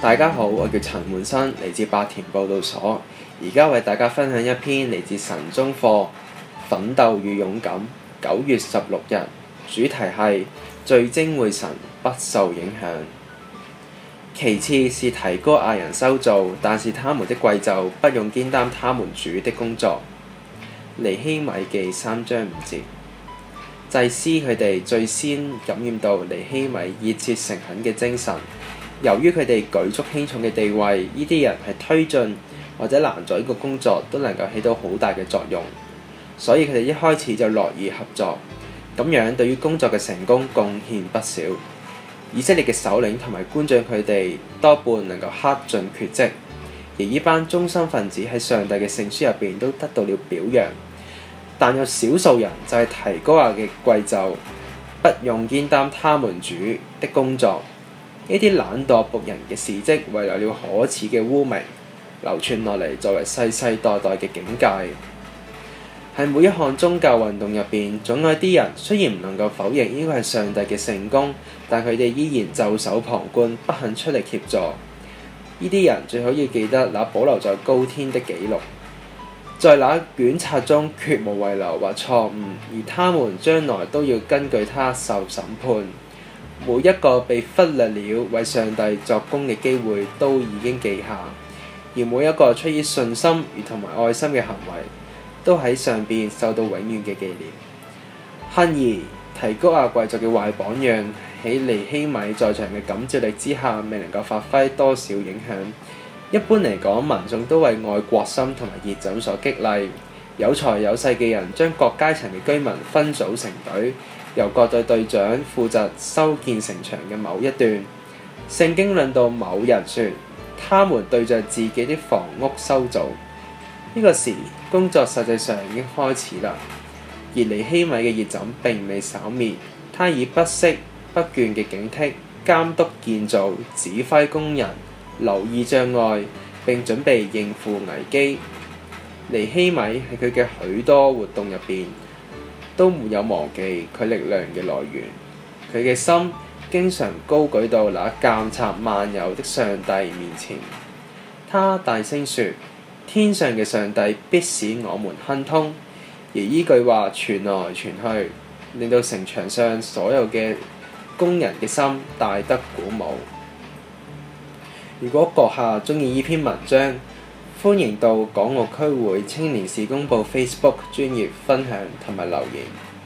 大家好，我叫陳煥生，嚟自八田佈道所。而家為大家分享一篇嚟自神中課《奮鬥與勇敢》，九月十六日，主題係聚精會神，不受影響。其次是提哥亞人修造，但是他們的貴胄不用肩擔他們主的工作。尼希米記三章五節。祭司佢哋最先感染到尼希米熱切誠懇嘅精神。由於佢哋舉足輕重嘅地位，呢啲人係推進或者攔阻呢個工作都能夠起到好大嘅作用，所以佢哋一開始就樂意合作，咁樣對於工作嘅成功貢獻不少。以色列嘅首領同埋官長佢哋多半能夠恪盡厥職，而呢班忠心分子喺上帝嘅聖書入邊都得到了表揚，但有少數人就係提哥亞嘅貴冑，不用肩擔他們主的工作。呢啲懶惰僕人嘅事蹟，遺留了可恥嘅污名，流傳落嚟作為世世代代嘅警戒。喺每一項宗教運動入邊，總有啲人雖然唔能夠否認呢個係上帝嘅成功，但佢哋依然袖手旁觀，不肯出力協助。呢啲人最好要記得，那保留在高天的記錄，在那卷冊中絕無遺留或錯誤，而他們將來都要根據他受審判。每一個被忽略了為上帝作工嘅機會都已經記下，而每一個出於信心與同埋愛心嘅行為，都喺上邊受到永遠嘅紀念。幸而提哥亞貴胄嘅壞榜樣，喺尼希米在場嘅感召力之下，未能夠發揮多少影響。一般嚟講，民眾都為愛國心同埋熱忱所激勵。有才有勢嘅人將各階層嘅居民分組成隊，由各隊隊長負責修建城牆嘅某一段。聖經論到某日說，說他們對着自己的房屋修造，呢、這個時工作實際上已經開始啦。而尼希米嘅熱枕並未熄滅，他以不息不倦嘅警惕監督建造、指揮工人、留意障礙，並準備應付危機。尼希米喺佢嘅許多活動入邊，都沒有忘記佢力量嘅來源。佢嘅心經常高舉到那監察萬有的上帝面前。他大聲說：天上嘅上帝必使我們亨通。而依句話傳來傳去，令到城牆上所有嘅工人嘅心大得鼓舞。如果閣下中意呢篇文章，歡迎到港澳區會青年事工部 Facebook 專業分享同埋留言。